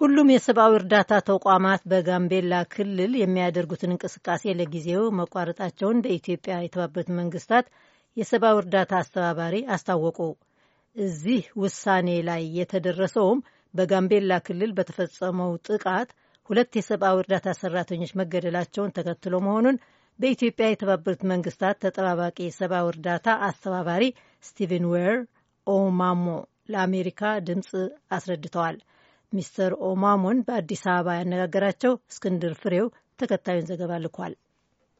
ሁሉም የሰብአዊ እርዳታ ተቋማት በጋምቤላ ክልል የሚያደርጉትን እንቅስቃሴ ለጊዜው መቋረጣቸውን በኢትዮጵያ የተባበሩት መንግስታት የሰብአዊ እርዳታ አስተባባሪ አስታወቁ። እዚህ ውሳኔ ላይ የተደረሰውም በጋምቤላ ክልል በተፈጸመው ጥቃት ሁለት የሰብአዊ እርዳታ ሰራተኞች መገደላቸውን ተከትሎ መሆኑን በኢትዮጵያ የተባበሩት መንግስታት ተጠባባቂ የሰብአዊ እርዳታ አስተባባሪ ስቲቨን ዌር ኦማሞ ለአሜሪካ ድምፅ አስረድተዋል። ሚስተር ኦማሞን በአዲስ አበባ ያነጋገራቸው እስክንድር ፍሬው ተከታዩን ዘገባ ልኳል።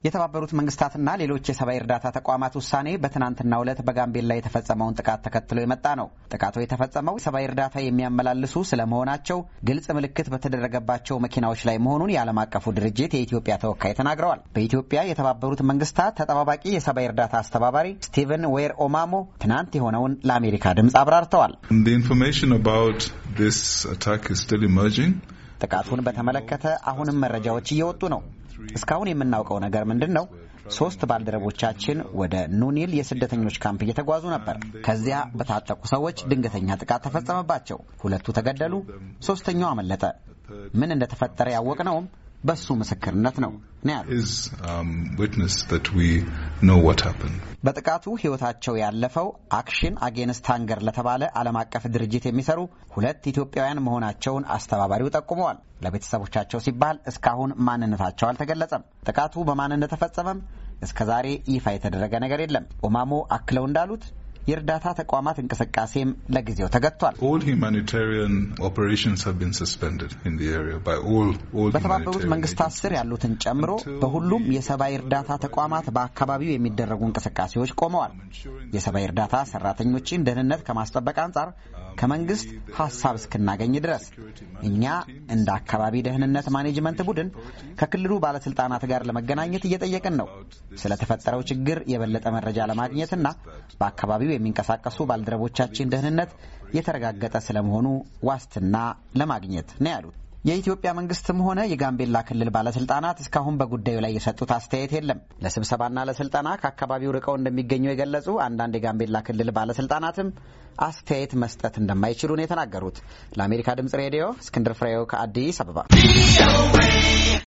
የተባበሩት መንግስታትና ሌሎች የሰብአዊ እርዳታ ተቋማት ውሳኔ በትናንትናው ዕለት በጋምቤላ የተፈጸመውን ጥቃት ተከትሎ የመጣ ነው። ጥቃቱ የተፈጸመው ሰብአዊ እርዳታ የሚያመላልሱ ስለመሆናቸው ግልጽ ምልክት በተደረገባቸው መኪናዎች ላይ መሆኑን የዓለም አቀፉ ድርጅት የኢትዮጵያ ተወካይ ተናግረዋል። በኢትዮጵያ የተባበሩት መንግስታት ተጠባባቂ የሰብአዊ እርዳታ አስተባባሪ ስቲቨን ዌር ኦማሞ ትናንት የሆነውን ለአሜሪካ ድምፅ አብራርተዋል። ጥቃቱን በተመለከተ አሁንም መረጃዎች እየወጡ ነው። እስካሁን የምናውቀው ነገር ምንድን ነው? ሶስት ባልደረቦቻችን ወደ ኑኒል የስደተኞች ካምፕ እየተጓዙ ነበር። ከዚያ በታጠቁ ሰዎች ድንገተኛ ጥቃት ተፈጸመባቸው። ሁለቱ ተገደሉ፣ ሶስተኛው አመለጠ። ምን እንደተፈጠረ ያወቅነውም በሱ ምስክርነት ነው um, በጥቃቱ ህይወታቸው ያለፈው አክሽን አጌንስት ሃንገር ለተባለ ዓለም አቀፍ ድርጅት የሚሰሩ ሁለት ኢትዮጵያውያን መሆናቸውን አስተባባሪው ጠቁመዋል። ለቤተሰቦቻቸው ሲባል እስካሁን ማንነታቸው አልተገለጸም። ጥቃቱ በማን እንደተፈጸመም እስከ ዛሬ ይፋ የተደረገ ነገር የለም። ኦማሞ አክለው እንዳሉት የእርዳታ ተቋማት እንቅስቃሴም ለጊዜው ተገጥቷል። በተባበሩት መንግስታት ስር ያሉትን ጨምሮ በሁሉም የሰብአዊ እርዳታ ተቋማት በአካባቢው የሚደረጉ እንቅስቃሴዎች ቆመዋል። የሰብአዊ እርዳታ ሰራተኞችን ደህንነት ከማስጠበቅ አንጻር ከመንግስት ሀሳብ እስክናገኝ ድረስ እኛ እንደ አካባቢ ደህንነት ማኔጅመንት ቡድን ከክልሉ ባለስልጣናት ጋር ለመገናኘት እየጠየቅን ነው። ስለተፈጠረው ችግር የበለጠ መረጃ ለማግኘትና በአካባቢው የሚንቀሳቀሱ ባልደረቦቻችን ደህንነት የተረጋገጠ ስለመሆኑ ዋስትና ለማግኘት ነው ያሉት። የኢትዮጵያ መንግስትም ሆነ የጋምቤላ ክልል ባለስልጣናት እስካሁን በጉዳዩ ላይ የሰጡት አስተያየት የለም። ለስብሰባና ለስልጠና ከአካባቢው ርቀው እንደሚገኙ የገለጹ አንዳንድ የጋምቤላ ክልል ባለስልጣናትም አስተያየት መስጠት እንደማይችሉ ነው የተናገሩት። ለአሜሪካ ድምጽ ሬዲዮ እስክንድር ፍሬው ከአዲስ አበባ